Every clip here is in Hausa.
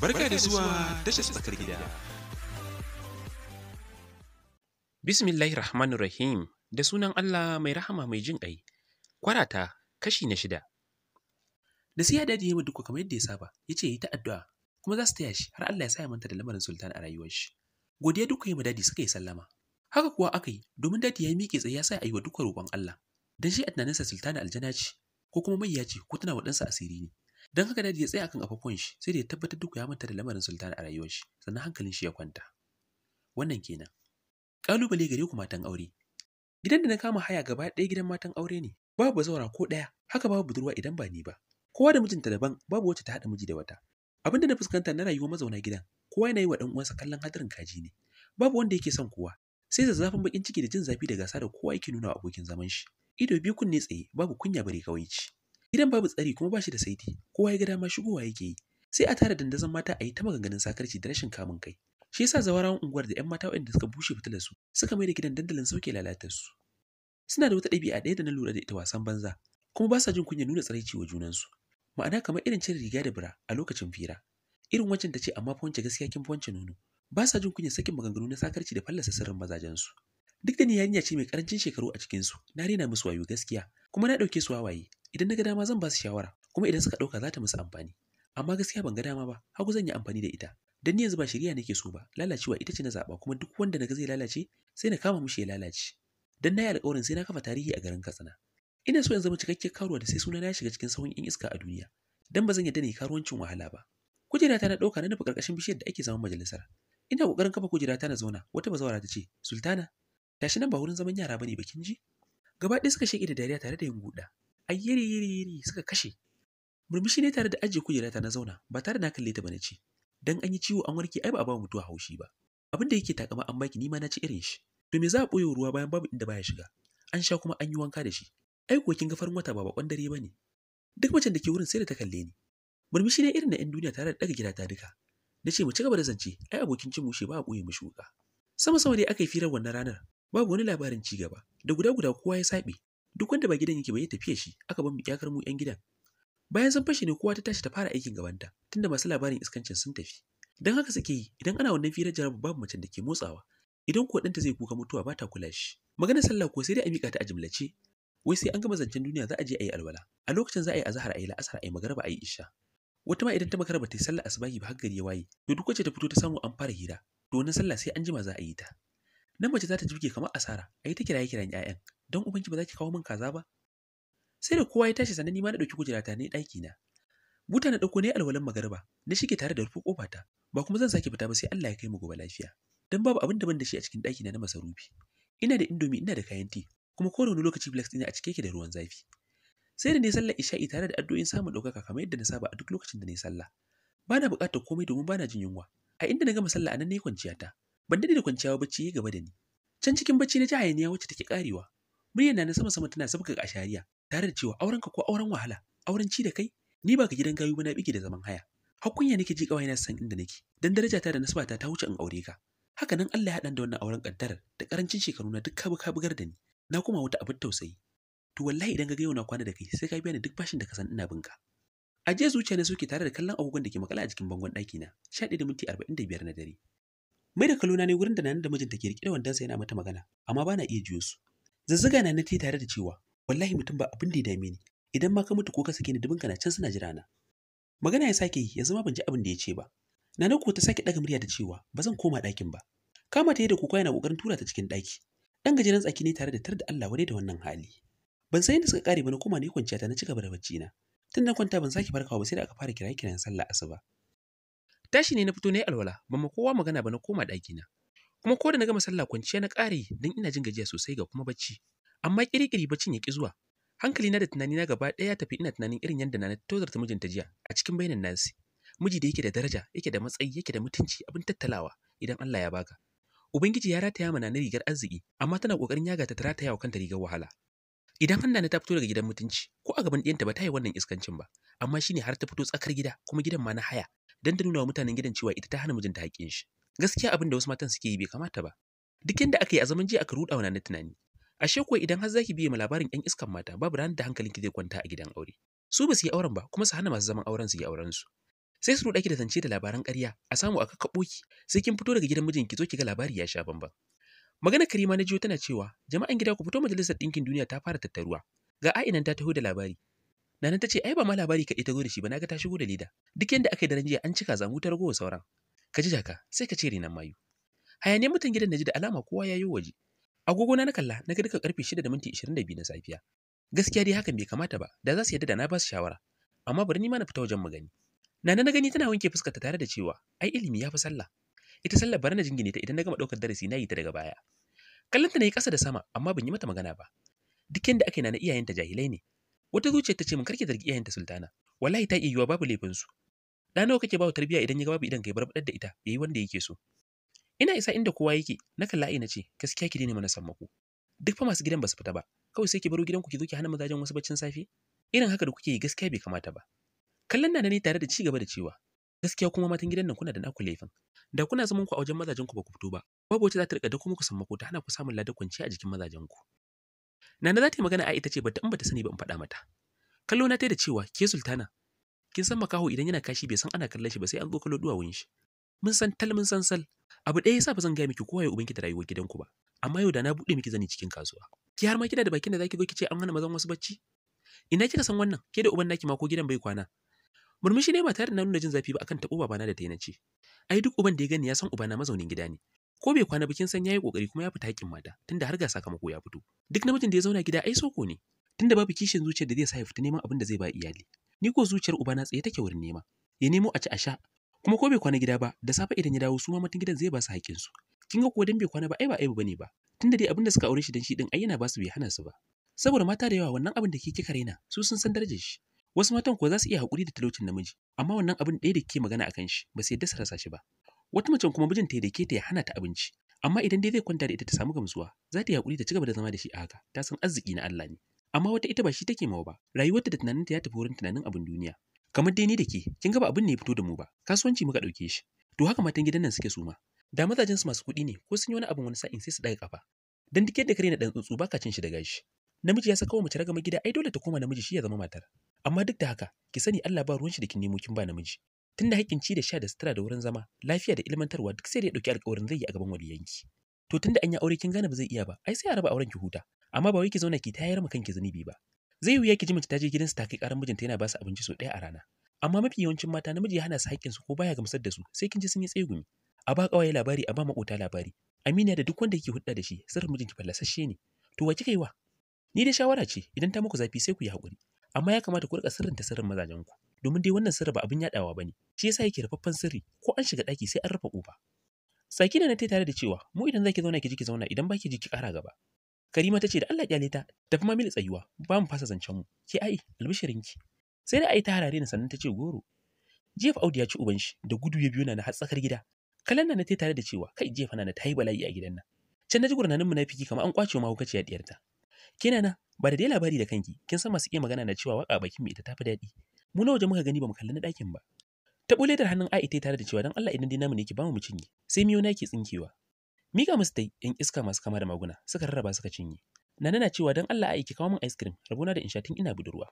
Barka da zuwa tashar tsakar gida. Bismillahir Rahmanir Rahim da sunan Allah mai rahama mai jin ƙai. Kwarata kashi na shida. Da sai ya dade ya duka kamar yadda ya saba, ya ce yi ta addu'a kuma za su taya shi har Allah ya sa ya manta da lamarin sultan a rayuwar shi. Godiya duka yi dadi suka yi sallama. Haka kuwa aka yi domin dadi ya yi miƙe tsaye ya sa a yi wa duka roƙon Allah. Dan shi a tunaninsa sultana Aljanna ce ko kuma mai ya ce ko tana wa ɗansa asiri ne. Don haka Dadi ya tsaya akan afafuwan shi sai da ya tabbatar duk ya manta da lamarin sultana a rayuwar shi sannan hankalin shi ya kwanta. Wannan kenan. Kalubale gare ku matan aure. Gidan da na kama haya gaba ɗaya gidan matan aure ne. Babu zaura ko ɗaya, haka babu budurwa idan ba ni ba. Kowa da mijinta daban, babu wacce ta haɗa miji da wata. Abinda na fuskanta na rayuwa mazauna gidan, kowa yana yi wa ɗan uwansa kallon hadarin kaji ne. Babu wanda yake son kowa, sai zazzafin bakin ciki da jin zafi da gasa da kowa yake nuna wa abokin zaman shi. Ido biyu kunne tsaye, babu kunya bare kawaici. Gidan babu tsari kuma bashi da saiti, kowa ya ga dama shigowa yake yi. Sai a tara dandazon mata a yi ta maganganun sakarci da rashin kamun kai. Shi yasa zawarawan unguwar da 'yan mata waɗanda suka bushe fitilar su suka mai da gidan dandalin sauke lalatar su. Suna da wata ɗabi'a ɗaya da na lura da ita wasan banza, kuma ba sa jin kunya nuna tsaraici wa junansu. Ma'ana kamar irin cin riga da bira a lokacin fira. Irin wancan ta ce amma fa wancan gaskiya kin fa wancan nono. Ba sa jin kunya sakin maganganu na sakarci da fallasa sirrin su Duk da ni yarinya ce mai karancin shekaru a su na rena musu wayo gaskiya, kuma na ɗauke su wawaye, idan na ga dama zan ba su shawara kuma idan suka ɗauka za ta musu amfani amma gaskiya ban ga dama ba hagu zan yi amfani da ita Don ni yanzu ba shirya nake so ba lalacewa ita ce na zaɓa kuma duk wanda na ga zai lalace sai na kama mishi ya lalace Don na yi alƙawarin sai na kafa tarihi a garin Katsina ina so in zama cikakke karuwa da sai suna na shiga cikin sauyin yan iska a duniya dan ba zan yadda ni karuwancin wahala ba kujera ta na ɗauka na nufi ƙarƙashin bishiyar da ake zaman majalisar ina ƙoƙarin kafa kujera ta na zauna wata bazawara ta ce sultana tashi nan ba wurin zaman yara bane bakin ji gaba ɗaya suka shege da dariya tare da yin guda a yiri yiri yiri suka kashe murmushi ne tare da ajiye ta na zauna ba tare da na kalle ta bane ce dan an yi ciwo an warke ai ba a ba mutuwa haushi ba abin da yake takama an baki nima na ci irin shi to me za a boye ruwa bayan babu inda baya shiga an sha kuma an yi wanka da shi ai ko kin ga farin wata ba bakon dare bane duk macen da ke wurin sai da ta kalle ni murmushi ne irin na yan duniya tare da daga gida ta duka na ce mu ci gaba da zance ai abokin cin mushe ba a boye shuka. wuka sama sama dai aka yi firar wannan ranar babu wani labarin ci gaba da guda guda kowa ya saɓe duk wanda ba gidan yake ba ya tafiye shi aka bar mu iyakar mu yan gidan bayan sun fashe ne kowa ta tashi ta fara aikin gabanta tunda masu labarin iskancin sun tafi dan haka suke yi idan ana wannan firar jarabu babu macen da ke motsawa idan ko ɗanta zai kuka mutuwa ba ta kula shi magana sallah ko sai dai a miƙa ta a jimlace wai sai an gama zancen duniya za a je a yi alwala a lokacin za a yi azhar a yi la'asar a yi magaraba a yi isha wata ma idan ta makara ta yi sallah asubahi ba har ya waye to duk wacce ta fito ta samu an fara hira to wannan sallah sai an jima za a yi ta nan mace za ta jibge kamar asara a yi ta kiraye kiran 'ya'yan don Ubangiji ba za ki kawo min kaza ba sai da kowa ya tashi sannan ni ma na ɗauki kujerata ne ɗaki na buta na ɗauko ne alwalan magarba na shige tare da rufe ƙofata, ba kuma zan sake fita ba sai Allah ya kai mu gobe lafiya dan babu abin da ban da shi a cikin ɗaki na na masarufi ina da indomi ina da kayan ti kuma kowane wani lokaci flex ɗina a cike yake da ruwan zafi sai da ne sallar isha'i tare da addu'o'in samun ɗaukaka kamar yadda na saba a duk lokacin da na yi sallah bana buƙatar komai domin bana jin yunwa a inda na gama sallah anan ne kwanciya ta ban dade da kwanciya bacci ya gaba da ni can cikin bacci na ji hayaniya wacce take karewa muryar na sama sama tana sabka ga shari'a tare da cewa aurenka ko auren wahala auren ci da kai ni ba ka gidan gayu ba na bige da zaman haya hakunya nake ji kawai na san inda nake dan daraja ta da nasaba ta ta wuce in aure ka haka nan Allah ya hadan da wannan auren kaddar da karancin shekaru na duk kabu bugar da ni na kuma wata abin tausayi to wallahi idan ga yau na kwana da kai sai ka biya ni duk bashin da ka san ina binka a jiya zuciya na suke tare da kallon agogon da ke makala a jikin bangon ɗaki na 11 minti 45 na dare mai da kalona ne wurin da nan da mijinta ke rike da yana mata magana amma bana iya jiyo su zazzaga na nati tare da cewa wallahi mutum ba abin da ya dame ni idan ma ka mutu ko ka sake ni dubinka na can suna jira na magana ya sake yi yanzu ma ban ji abin da ya ce ba nana ko ta sake daga murya da cewa ba zan koma ɗakin ba kama ta da kuka yana kokarin tura ta cikin ɗaki dan gajeren tsaki ne tare da tar da Allah wadai da wannan hali ban san yadda suka kare ba na koma ne kwanciya ta na ci gaba da bacci na tun da kwanta ban sake farkawa ba sai da aka fara kiraye kiran sallah asuba tashi ne na fito na yi alwala ban ma kowa magana ba na koma ɗaki na kuma ko da na gama sallah kwanciya na ƙare don ina jin gajiya sosai ga kuma bacci amma kirikiri baccin ya ki zuwa hankali na da tunani na gaba ɗaya tafi ina tunanin irin yadda na tozarta mijinta jiya a cikin bainan nasi miji da yake da daraja yake da matsayi yake da mutunci abin tattalawa idan Allah ya baka ubangiji ya rataya mana na rigar arziki amma tana kokarin yaga ta rataya wa kanta rigar wahala idan Hanna ta fito daga gidan mutunci ko a gaban ɗiyanta ba ta yi wannan iskancin ba amma shine har ta fito tsakar gida kuma gidan ma na haya dan ta nuna wa mutanen gidan cewa ita ta hana mijinta haƙƙin shi Gaskiya abin da wasu matan suke yi bai kamata ba. Duk yadda aka yi a zaman jiya aka ruɗa wani tunani. Ashe ko idan har zaki biye ma labarin ƴan iskan mata babu ranar da ki zai kwanta a gidan aure. Su ba su yi auren ba kuma su hana masu zaman auren su yi auren su. sai su ruɗa ki da zance da labaran ƙarya a samu a kakkaɓo ki sai kin fito daga gidan mijin ki zo ki ga labari ya sha bamban magana karima na jiyo tana cewa jama'an gida ku fito majalisar ɗinkin duniya ta fara tattaruwa ga a'inan ta taho da labari Nana ta ce ai ba ma labari kaɗai ta zo da shi ba ga ta shigo da leda duk yadda aka yi daren jiya an cika zamu ta ragowa sauran ka ji jaka sai ka ce renan mayu hayani mutan gidan naji da alama kowa ya yi waje agogo na kalla na ga duka karfe 6 da minti 22 na safiya gaskiya dai hakan bai kamata ba da za su yadda da na ba su shawara amma bari ni ma na fita wajen mu gani nana na gani tana wanke fuskar ta tare da cewa ai ilimi ya fi sallah ita sallar bari na jingine ta idan na gama ɗaukar darasi na yi ta daga baya Kallonta na yi ƙasa da sama amma ban yi mata magana ba duk yanda ake yi na iyayenta jahilai ne wata zuciyar ta ce mun karki zargi iyayenta sultana wallahi ta iya yiwa babu laifin su da nawa kake bawa tarbiyya idan ya ga babu idan kai bar da ita yayi wanda yake so ina isa inda kowa yake na kalla ina ce gaskiya ki daina mana sammako duk fa masu gidan ba su fita ba kawai sai ki baro gidanku ki zo ki hana mazajen wasu baccin safe irin haka da kuke yi gaskiya bai kamata ba kallon na ne tare da ci gaba da cewa gaskiya kuma matan gidan nan kuna da naku laifin da kuna zaman ku a wajen mazajen ku ba ku fito ba babu wacce za ta rika dako muku sammako ta hana ku samun ladan kwanciya a jikin mazajen ku Nana za ta yi magana a ita ce bata in bata sani ba in faɗa mata. Kallo na ta da cewa ke sultana kin san makaho idan yana kashi bai san ana kallon shi ba sai an zo kallo wurin shi mun san tal mun san sal abu ɗaya yasa ba zan gaya miki kowa ya ubanki da rayuwar gidanku ba amma yau da na buɗe miki zani cikin kasuwa ki har ma kina da bakin da zaki zo ki ce an hana mazan wasu bacci ina kika san wannan ke da uban naki ma ko gidan bai kwana murmushi ne ba tare da na nuna jin zafi ba akan taɓo babana da ta yi na ai duk uban da ya gani ya san ubana mazaunin gida ne ko bai kwana bikin san yayi kokari kuma ya fita hakkin mata tunda har ga sakamako ya fito duk namijin da ya zauna gida ai soko ne tunda babu kishin zuciya da zai sa ya fita neman abin da zai ba iyali Ni ko zuciyar Uba na tsaye take wurin nema. Ya nemo a ci a sha. Kuma ko bai kwana gida ba, da safe idan ya dawo su ma mutun gidan zai ba su haƙƙin su. Kin ga ko dan bai kwana ba ai ba aibu bane ba. Tunda dai abin da suka aure shi dan shi din ai yana ba su bai hana su ba. Saboda mata da yawa wannan abin da ke kika raina, su sun san darajar shi. Wasu matan ko za su iya hakuri da talaucin namiji, amma wannan abin ɗaya da ke magana akan shi ba sai yadda su rasa shi ba. Wata macen kuma mijinta ya ke ta ya hana ta abinci, amma idan dai zai kwanta da ita ta samu gamsuwa, za ta yi hakuri ta ci da zama da shi a haka, ta san arziki na Allah ne. amma wata ita ba shi take mawa ba rayuwarta da tunaninta ya tafi wurin tunanin abin duniya kamar dai ni da ke kin ga ba abin ne ya fito da mu ba kasuwanci muka ɗauke shi to haka matan gidan nan suke suma. ma da mazajen su masu kuɗi ne ko sun yi wani abin wani sa'in sai su daga kafa dan duk yadda kare na dan tsuntsu baka cin shi da gashi namiji ya saka wa mace ragama gida ai dole ta koma namiji shi ya zama matar amma duk da haka ki sani Allah ba ruwan shi da kin nemo kin ba namiji tunda haƙƙin ci da sha da sutura da wurin zama lafiya da ilmantarwa duk sai da ya ɗauki alƙawarin zai yi a gaban waliyanki to tunda an yi aure kin gane ba zai iya ba ai sai a raba auren ki huta amma ba wai ki zauna ki tayar ma kanki zunubi ba zai wuya ki ji mace ta je gidansa ta kai karan mijinta yana ba su abinci sau ɗaya a rana amma mafi yawancin mata namiji ya hana su haƙƙin su ko baya gamsar da su sai kin ji sun yi tsegumi a ba ƙawaye labari a ba maƙota labari amina da duk wanda yake hudda da shi sirrin mijinki fallasasshe ne to wa kika yi wa ni da shawara ce idan ta muku zafi sai ku yi haƙuri amma ya kamata ku rika sirrin ta sirrin mazajen ku domin dai wannan sirri ba abin yadawa bane shi yasa yake rufaffen sirri ko an shiga daki sai an rufe ƙofa saki na na tare da cewa mu idan zaki zauna ki ji ki zauna idan baki ji ki ƙara gaba Karima ta ce da Allah kyale ta, tafi ma mini tsayuwa, ba mu fasa zancen mu. Ke ai, albishirinki. Sai da ai ta harare ni sannan ta ce goro. Jefa Audu ya ci uban shi da gudu ya biyo na har hatsakar gida. Kalan na ta tare da cewa kai jefa na ta yi bala'i a gidan nan. Can naji gurnanin munafiki kamar an kwace mahaukaciya diyarta. Kinana ba da dai labari da kanki, kin san masu iya magana na cewa waka bakin mu ita tafi daɗi. Mu na waje muka gani ba mu kalli na ɗakin ba. ta bule da hannun Aisha tare da cewa dan Allah idan dai ne ki bamu mu cinye sai miyo na ke tsinkewa Mika musu yi, ‘yan iska masu kama da maguna suka rarraba suka cinye. Nana cewa don Allah aiki kawo min ice cream rabona da inshatin ina budurwa.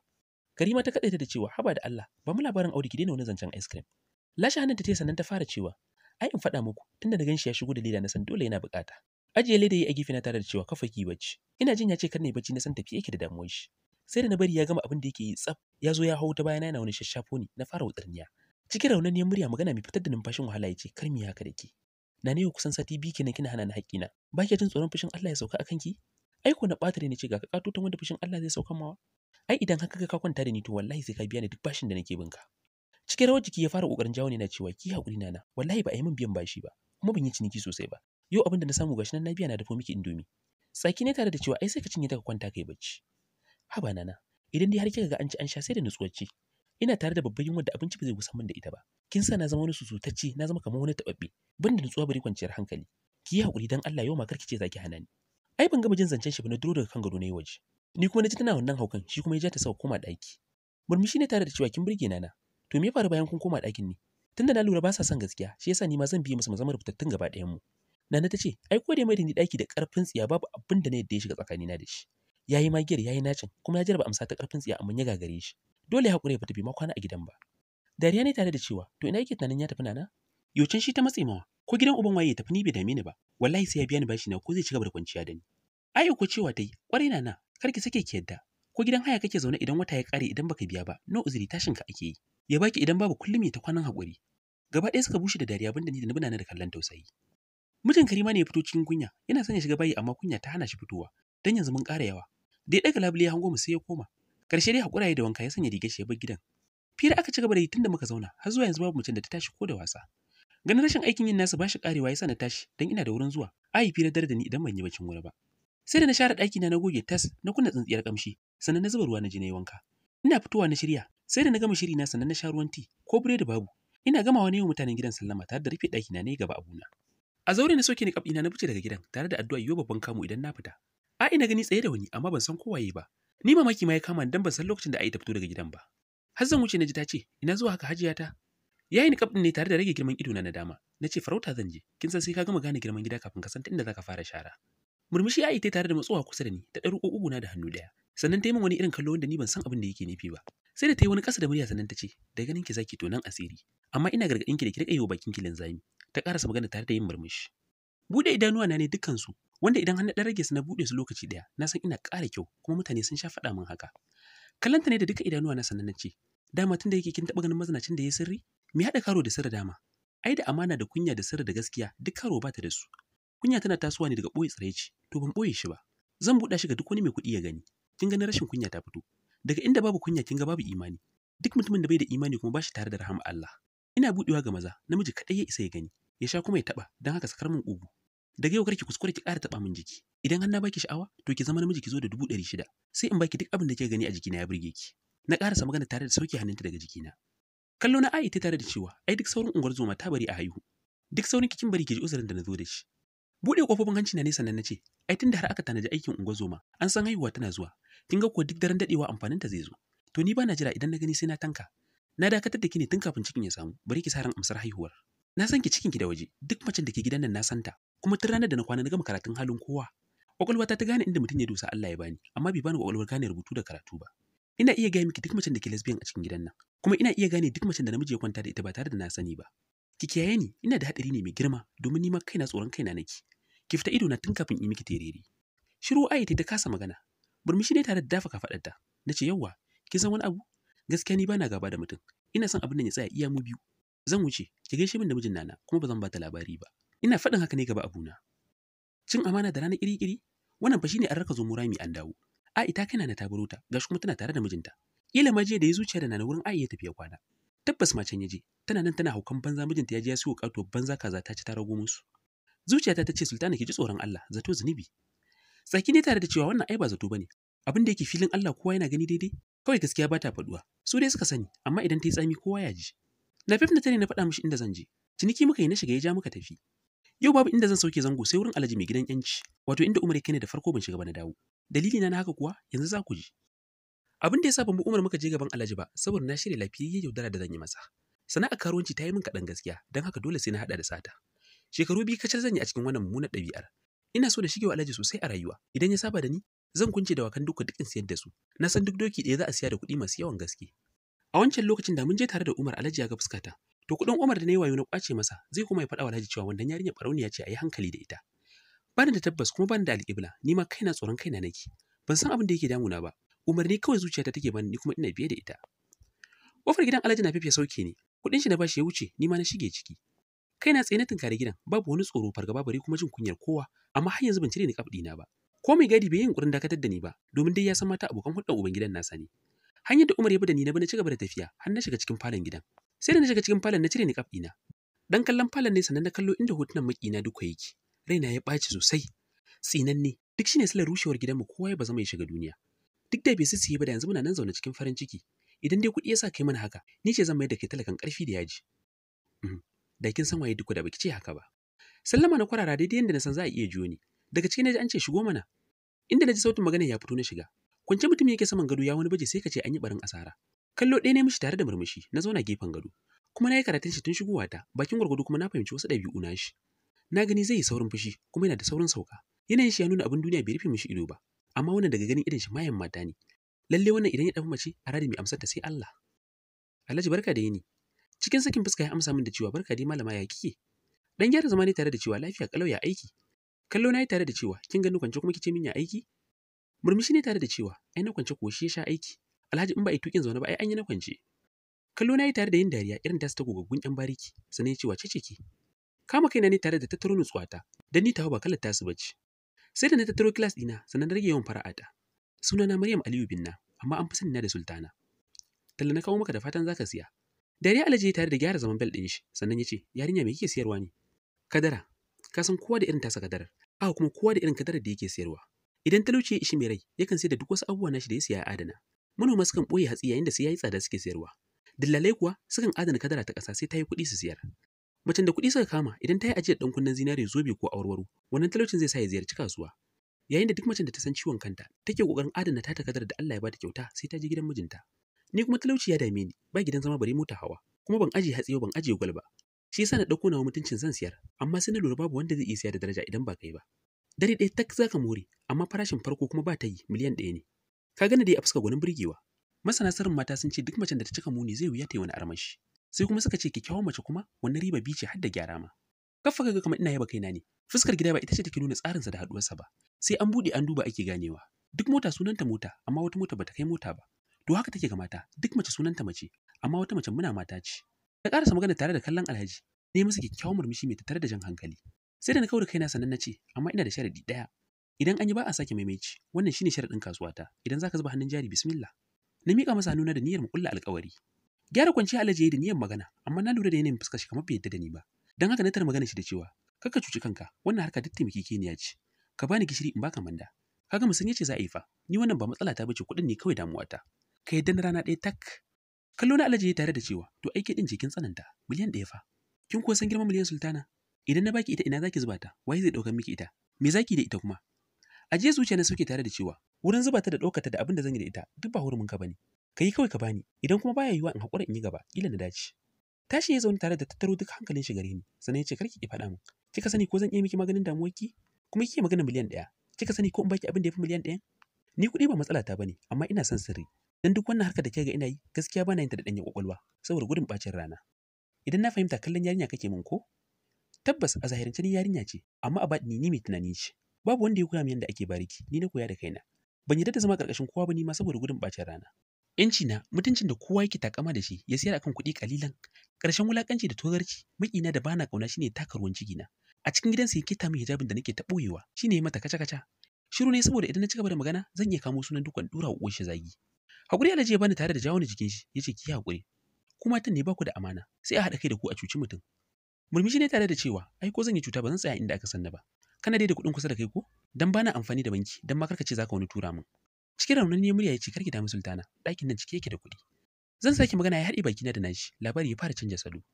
Karima ta kaɗaita da cewa haba da Allah ba mu labarin Audu ki daina wani zancen ice cream. Lashe hannunta ta sannan ta fara cewa ai in faɗa muku tunda na ganshi ya shigo da leda na san dole yana buƙata. Ajiye leda yi a gefe na tare da cewa kafa ki bacci. Ina jin ya ce kar ne bacci na san tafi yake da damuwar shi. Sai da na bari ya gama abin da yake yi tsaf ya zo ya hau ta bayan yana wani shashshafo ne na fara wutsarniya. Cikin raunaniyar murya magana mai fitar da numfashin wahala ya ce kar mi haka da ke. na ne kusan sati biyu kenan kina hana ni haƙƙina ba ki jin tsoron fushin Allah ya sauka akan ki ai ko na ɓata ne ce ga ka katoton wanda fushin Allah zai sauka mawa ai idan haka ka kwanta da ni to wallahi sai ka biya ni duk bashin da nake binka cikin rawar jiki ya fara kokarin jawo ni na cewa ki haƙuri nana wallahi ba a yi min biyan bashi ba kuma ban yi ciniki sosai ba yau abin da na samu gashi nan na biya na dafo miki indomi tsaki ne tare da cewa ai sai ka cinye ta ka kwanta kai bacci haba nana idan dai har kika ga an ci an sha sai da nutsuwar ci ina tare da babban yunwa da abinci ba zai gusa min da ita ba kin sa na zama wani susutacce na zama kamar wani tababbe ban da nutsuwa bari kwanciyar hankali ki yi hakuri dan Allah yau ma karki ce zaki hana ni ai ban gama jin zancen shi ba na duro daga kan gado na yi waje ni kuma na ji tana wannan haukan shi kuma ya ja ta sa koma ɗaki murmushi ne tare da cewa kin burge na na to me ya faru bayan kun koma ɗakin ne tunda na lura ba sa son gaskiya shi yasa ni ma zan biye musu mu zama rubutattun gaba ɗayan mu Nana ta ce, ai ko da mai da ni daki da karfin tsiya babu abin da na yadda ya shiga tsakanina da shi. Yayi magiyar yayi nacin kuma ya jarba amsa ta karfin tsiya amma ya gagare shi. dole haƙuri ya fita bai ma kwana a gidan ba dariya ne tare da cewa to ina yake tunanin ya tafi nana Yocin shi ta matse mawa ko gidan uban waye tafi ni bai dame ni ba wallahi sai ya biya ni bashi na ko zai ci gaba da kwanciya da ni ai ko cewa ta yi ƙwarai nana kar ki sake ki yadda ko gidan haya kake zaune idan wata ya kare idan baka biya ba no uzuri tashin ka ake yi ya baki idan babu kullum ya ta kwanan haƙuri gaba ɗaya suka bushe da dariya banda ni da nabina da kallon tausayi mijin karima ne ya fito cikin kunya yana son ya shiga bayi amma kunya ta hana shi fitowa don yanzu mun ƙara yawa da ya ɗaga labule ya hango mu sai ya koma Karshe dai hakura da wanka ya sanya rigar shi ya bar gidan. Fira aka cigaba da yi tunda muka zauna har zuwa yanzu babu mutum da ta tashi ko da wasa. Ganin rashin aikin yin nasa bashi karewa yasa na tashi dan ina da wurin zuwa. Ai fira dare da ni idan ban yi bacin wuri ba. Sai da na share ɗaki na na goge tas na kunna tsintsiyar kamshi sannan na zuba ruwa na je na wanka. Ina fitowa na shirya sai da na gama shiri na sannan na sha ruwan ti ko biredi babu. Ina gama wani yau mutanen gidan sallama tare da rufe ɗaki na ne gaba abuna. A zaure na soke ni kabɗina na fice daga gidan tare da addu'a yiwo babban kamu idan na fita. A ina gani tsaye da wani amma ban san kowaye ba. Ni mamaki ma ya kama dan ban san lokacin da Ayi ta fito daga gidan ba. Har zan wuce na ji ta ce, "Ina zuwa haka hajiya ta?" Yayi ni din ne tare da rage girman ido na dama. Na ce farauta zan je. Kin san sai ka gama gane girman gida kafin ka san ta inda zaka fara shara. Murmushi yi ta tare da matsowa kusa da ni, ta ɗan uguna da hannu ɗaya. Sannan ta yi min wani irin kallo wanda ni ban san abin da yake nufi ba. Sai da ta yi wani ƙasa da murya sannan ta ce, "Da ganin ki zaki tonan asiri, amma ina gargaɗin ki da ki riƙa yi wa bakin ki linzami." Ta ƙarasa magana tare da yin murmushi. Buɗe idanuwa na ne su wanda idan hannu ɗan rage su na buɗe su lokaci ɗaya na san ina ƙara kyau kuma mutane sun sha faɗa min haka Kalanta ne da duka idanuwa na sannan ce dama tun da yake kin taɓa ganin mazinacin da ya sirri me haɗa karo da sirri dama ai da amana da kunya da sirri da gaskiya duk karo ba ta da su kunya tana tasowa ne daga ɓoye tsiraici to ban ɓoye shi ba zan buɗa shi ga duk wani mai kuɗi ya gani kin gani rashin kunya ta fito daga inda babu kunya kin ga babu imani duk mutumin da bai da imani kuma ba shi tare da rahama Allah ina buɗewa ga maza namiji kaɗai ya isa ya gani ya sha kuma ya taɓa don haka sakar min ƙugu daga yau karki kuskure ki ƙara taɓa min jiki idan har na baki sha'awa to ki zama namiji ki zo da dubu ɗari shida sai in baki duk abin da kika gani a jikina ya burge ki na ƙarasa magana tare da sauke hannunta daga jikina kallo na ayi tare da cewa ai duk saurin unguwar zoma ta bari a haihu duk saurin kikin bari ki ji uzurin da na zo da shi buɗe kofofin hanci na nesa nan na ce ai tunda har aka tanaji aikin unguwar zoma an san haihuwa tana zuwa kin ga kuwa duk daren daɗewa amfaninta zai zo to ni ba na jira idan na gani sai na tanka na dakatar da ki ne tun kafin cikin ya samu bari ki sa ran amsar haihuwar Na san ki cikin ki da waje, duk macen da ke gidan nan na san ta, kuma tun ranar da na kwana na gama karatun halin kowa. kwakwalwa ta gane inda mutum ya dosa Allah ya bani, amma bai bani kwakwalwar gane rubutu da karatu ba. Ina iya gaya miki duk macen da ke lesbian a cikin gidan nan, kuma ina iya gane duk macen da namiji ya kwanta da ita ba tare da na sani ba. Ki kiyaye ni, ina da haɗari ne mai girma domin ni ma kaina tsoron kaina nake. Ki fita ido na tun kafin in miki terere. Shiru ai ta kasa magana. Murmushi ne tare da dafa kafadarta. Nace yawa kin san wani abu? Gaskiya ni bana gaba da mutum. Ina son abin da ya tsaya iya mu biyu. zan wuce ki gaishe min da mijin nana kuma ba zan bata labari ba ina faɗin haka ne gaba abuna cin amana da rana iri iri wannan ba shine an raka zo murami an dawo a ita kana na ta gashi kuma tana tare da mijinta kila ma jiya da ya zuciya da nana wurin a iya tafiya kwana tabbas ma can yaje tana nan tana haukan banza mijinta ya je ya siyo kato banza kaza ta ci ta rago musu zuciyata ta ce sultana ki ji tsoron Allah zato zunubi tsaki ne tare da cewa wannan ai ba zato bane abin da yake filin Allah kowa yana gani daidai kawai gaskiya ba ta faduwa su dai suka sani amma idan ta yi tsami kowa ya ji Lafif na tare na faɗa mishi inda zan je. Ciniki muka yi na shiga ya ja muka tafi. Yau babu inda zan sauke zango sai wurin Alhaji mai gidan yanci, wato inda Umar yake ne da farko ban shiga ba na dawo. Dalili na na haka kuwa yanzu za ku ji. Abin da sa ban bi Umar muka je gaban Alhaji ba saboda na shirya lafiyayye yaudara da zan yi masa. Sana'a karuwanci ta yi min kaɗan gaskiya, don haka dole sai na haɗa da sata. Shekaru biyu kacal zan yi a cikin wannan mummunar ɗabi'ar. Ina so da shigewa Alhaji sosai a rayuwa. Idan ya saba da ni, zan kunce da wakan duka dukkan siyar da su. Na san duk doki ɗaya za a siya da kuɗi masu yawan gaske. A wancan lokacin da mun je tare da Umar Alhaji ya ga fuskata. To kudin Umar da na yi wayo na kwace masa zai kuma ya faɗa wa Alhaji cewa wannan yarinya farauniya ce a yi hankali da ita. Bani da tabbas kuma bani da alƙibla ni ma kaina tsoron kaina nake. Ban san abin da yake damuna ba. Umarni kawai zuciyata take bani ni kuma ina biye da ita. Kofar gidan Alhaji na ya sauke ne, Kuɗin shi na bashi ya wuce ni ma na shige ciki. Kaina tsaye na tunkari gidan babu wani tsoro fargaba bare kuma jin kunyar kowa amma har yanzu ban cire ni kaf ba. Ko mai gadi bai yi yunƙurin dakatar da ni ba domin dai ya san mata abokan hulɗar ubangidan nasa ne. hanyar da Umar ya bi da ni na bi na cigaba da tafiya har na shiga cikin falon gidan sai da na shiga cikin falon na cire niqab ɗina dan kallon falon ne sannan na kallo inda hotunan makina duka yake raina ya ɓaci sosai tsinanne duk shine silar rushewar gidanmu kowa ya ba zama ya shiga duniya duk da bai sisi ba da yanzu muna nan zaune cikin farin ciki idan dai kuɗi ya sa kai mana haka ni ce zan mai da kai talakan ƙarfi da yaji mm-hmm. da kin san waye duk da baki ce haka ba sallama na kwarara daidai yadda na san za a iya juyo ni daga cikin naji an ce shigo mana inda na ji sautin magana ya fito na shiga Kwance mutum yake saman gado ya wani baje sai ka ce an yi barin asara. Kallo ɗaya ne mishi tare da murmushi, na zauna gefen gado. Kuma na yi karatun shi tun shigowa ta, bakin gwargwado kuma na fahimci wasu ɗabi'u na shi. Na gani zai yi saurin fushi, kuma yana da saurin sauka. Yanayin shi ya nuna abin duniya bai rufe mishi ido ba, amma wannan daga ganin irin shi mayan mata ne. Lalle wannan idan ya ɗafi mace, a radi mai amsar ta sai Allah. Alhaji barka da yini. Cikin sakin fuska ya amsa min da cewa barka dai malama ya kike. Dan gyara zama ne tare da cewa lafiya kalau ya aiki. Kallo na yi tare da cewa kin gani kwance kuma kice min ya aiki? Murmushi ne tare da cewa, ai na kwance kuwa shi ya sha aiki. Alhaji in ba ai tukin zaune ba ai an yi na kwance. Kallo na yi tare da yin dariya irin tasu ta gogaggun yan bariki, sanin cewa ce ce ki? Kama kaina ne tare da tattaro nutsuwa ta, dan ni tawa ba kalar tasu bace. Sai da na tattaro kilas dina sannan rage yawan fara'ata. Sunana Maryam Aliyu Binna, amma an fi sani na da Sultana. Talla na kawo maka da fatan zaka siya. Dariya Alhaji ya tare da gyara zaman bel ɗin shi, sannan ya ce, yarinya me kike siyarwa ne? Kadara, ka san kowa da irin tasa kadarar, aka kuma kowa da irin kadarar da yake siyarwa. Idan talauci ya ishi mai rai, yakan sai da duk wasu abubuwa nashi da ya siya ya adana. Manoma sukan ɓoye hatsi yayin da sai ya yi tsada suke siyarwa. Dillalai kuwa sukan adana kadara ta ƙasa sai ta yi kuɗi su siyar. Macen da kuɗi suka kama idan ta yi ajiyar ɗan kunnen zinare zobe ko awarwaro, wannan talaucin zai sa ya ziyarci kasuwa. Yayin da duk macen da ta san ciwon kanta, take ƙoƙarin adana ta kadara da Allah ya bata kyauta sai ta je gidan mijinta. Ni kuma talauci ya dame ni, ba gidan zama bari mota hawa, kuma ban ajiye hatsi ban ajiye gwal Shi yasa na ɗauko nawa mutuncin zan siyar, amma sai na lura babu wanda zai iya siya da daraja idan ba kai ba. dare ɗaya tak za ka more amma farashin farko kuma ba ta yi miliyan ɗaya ne ka gane dai a fuska gwanin burgewa masana sarin mata sun ce duk mace da ta cika muni zai wuya ta yi wani armashi sai kuma suka ce kyakkyawan mace kuma wani riba bice har da gyara ma kafa ga kamar ina yaba kaina ne fuskar gida ba ita ce take nuna tsarinsa da haduwarsa ba sai an buɗe an duba ake ganewa duk mota sunanta mota amma wata mota bata kai mota ba to haka take ga mata duk mace sunanta mace amma wata mace muna mata ce ta karasa magana tare da kallon alhaji ne masa kyakkyawan murmushi mai tattare da jan hankali sai da na kawo da kaina sannan na ce amma ina da sharadi ɗaya idan an yi ba a sake maimaici wannan shine sharadin kasuwata idan zaka zuba hannun jari bismillah na miƙa masa hannuna da niyyar mu kulla alƙawari gyara kwanciya alaji da niyyar magana amma na lura da yanayin fuskar shi kamar bai yadda da ni ba dan haka na tar magana shi da cewa ka cuci kanka wannan harka duk taimakekeniya ce ka bani gishiri in baka manda kaga musun yace za a yi fa ni wannan ba matsala ta bace kuɗin ne kawai damuwata ka yadda na rana ɗaya tak kallo na alaji tare da cewa to aiki din jikin tsananta miliyan ɗaya fa kin ko san girman miliyan sultana idan na baki ita ina zaki zuba ta wai zai dauka miki ita me zaki da ita kuma A je zuciya na suke tare da cewa wurin zuba ta da dauka ta da abin da zan yi da ita duk ba hurumin ka bane ka yi kawai ka bani idan kuma baya yiwa in hakura in yi gaba kila na dace tashi ya zaune tare da tattaro duk hankalin shi gare ni sannan ya ce karki ki faɗa min kika sani ko zan iya miki maganin damuwar ki kuma kike magana miliyan ɗaya kika sani ko in baki abin da yafi miliyan ɗaya? ni kuɗi ba matsala ta bane amma ina son sirri dan duk wannan harkar da kika ga ina yi gaskiya bana yin ta da danyen kwakwalwa saboda gudun bacin rana idan na fahimta kallon yarinya kake min ko Tabbas a zahirance ni yarinya ce, amma a ni ni mai tunani ce. Babu wanda ya koya min yadda ake bariki, ni na koya da kaina. Ban yarda da zama ƙarƙashin kowa ba ni ma saboda gudun ɓacin rana. Yanci na, mutuncin da kowa yake takama da shi, ya sayar akan kuɗi kalilan. Ƙarshen wulakanci da tozarci, maƙina da bana kauna shine taka ruwan ciki na. A cikin gidansa ya keta min hijabin da nake ta boyewa shine ya mata kaca-kaca. Shiru ne saboda idan na cigaba da magana, zan iya kamo sunan dukan dura uwar shi zagi. Hakuri alaje ya bani tare da jawo ni jikin shi, yace ki hakuri. Kuma tan ne ba ku da amana, sai a haɗa kai da ku a cuci mutum. murmushi ne tare da cewa ai ko zan yi cuta ba zan tsaya inda aka sanna ba kana dai da kuɗin kusa da kai ko dan bana amfani da banki dan ma karka ce zaka wani tura min cikin raunin ne murya ya ce karki damu sultana ɗakin nan cike yake da kuɗi zan sake magana ya haɗe bakina da nashi labari ya fara canja salo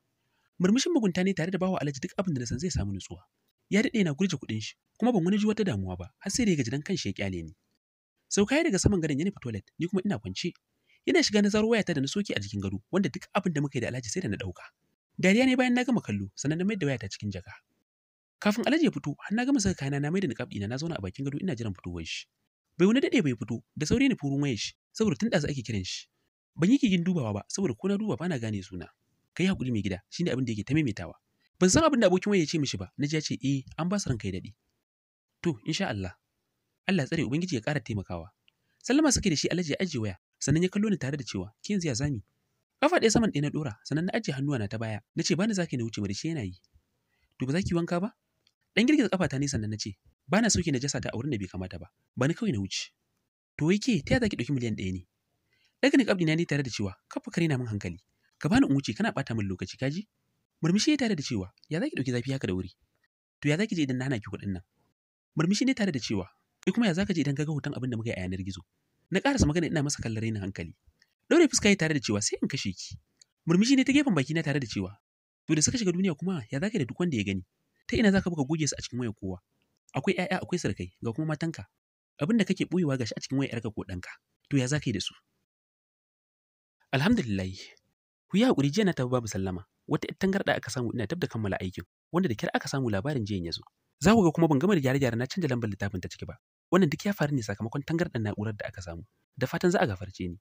murmushin mugunta ne tare da bawa alaji duk abin da na san zai samu nutsuwa ya dade yana gurje kuɗin shi kuma ban wani ji wata damuwa ba har sai da ya gaji dan kanshi ya kyale ni sauka daga saman gadon ya nufi toilet ni kuma ina kwance yana shiga na zaro wayata da na soke a jikin gado wanda duk abin da muka yi da alhaji sai da na ɗauka Dariya ne bayan na gama kallo, sannan na mai da wayata cikin jaka. Kafin alaji ya fito, har na gama saka kayana na mai da niqab ɗina na zauna a bakin gado ina jiran fitowar shi. Bai wani dade bai fito, da sauri ni furu mai shi, saboda tun ɗazu ake kiran shi. Ban yi kigin dubawa ba, saboda ko na duba ba na gane suna. Kai hakuri mai gida, shine abin da yake ta maimaitawa. Ban san abin da abokin waya ya ce mishi ba, na ji ya ce eh an ba su ranka ya To, insha Allah. Allah tsare Ubangiji ya ƙara taimakawa. Sallama suke da shi Alhaji ya ajiye waya, sannan ya kallo ni tare da cewa, "Kin ziya zami?" Kafa ɗaya saman ɗaya na ɗora, sannan na ajiye hannuwa na ta baya, na ce bani zaki na wuce da shi yana yi. To ba za ki wanka ba? Dan girgiza kafa ta ne sannan na ce, Bana na soke na jasa ta a wurin da bai kamata ba, Bani kawai na wuce. To wai ke, ta ya za ki ɗauki miliyan ɗaya ne? Daga ni kabdi na ne tare da cewa, kafa kare na min hankali. Ka bani in wuce kana ɓata min lokaci kaji? Murmushi ya tare da cewa, ya za ki ɗauki zafi haka da wuri? To ya za ki je idan na hana ki kuɗin nan? Murmushi ne tare da cewa, kai kuma ya za je idan ka ga hoton abin da muka yi a yanar gizo? Na ƙarasa magana ina masa kallon rainin hankali. Ɗaure fuska ya tare da cewa sai in kashe ki. Murmushi ne ta gefen baki na tare da cewa to da suka shiga duniya kuma ya zaka da duk wanda ya gani. Ta ina zaka buga goge su a cikin wayar kowa. Akwai ƴaƴa akwai sarkai ga kuma matanka. Abin da kake boyewa gashi a cikin wayar yarka ko ɗanka. To ya zaka yi da su? Alhamdulillah. Ku yi haƙuri jiya na tafi babu sallama. Wata ƴar tangarɗa aka samu ina tab da kammala aikin wanda da kyar aka samu labarin jiyan ya zo. Za ku ga kuma ban gama da gyare-gyare na canja lambar littafin ta ciki ba. Wannan duk ya faru ne sakamakon tangarɗar na'urar da aka samu. Da fatan za a gafarce ni.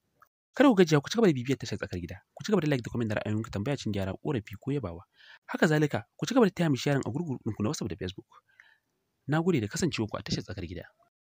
Kada ku gajiya ku cigaba da bibiyar tashar tsakar gida. Ku cigaba da like da comment da ra'ayoyinku tambaya cin gyara korafi ko yabawa. Haka zalika ku cigaba da taya mu sharing a gurgurun na WhatsApp da Facebook. Na gode da kasancewa ku a tashar tsakar gida.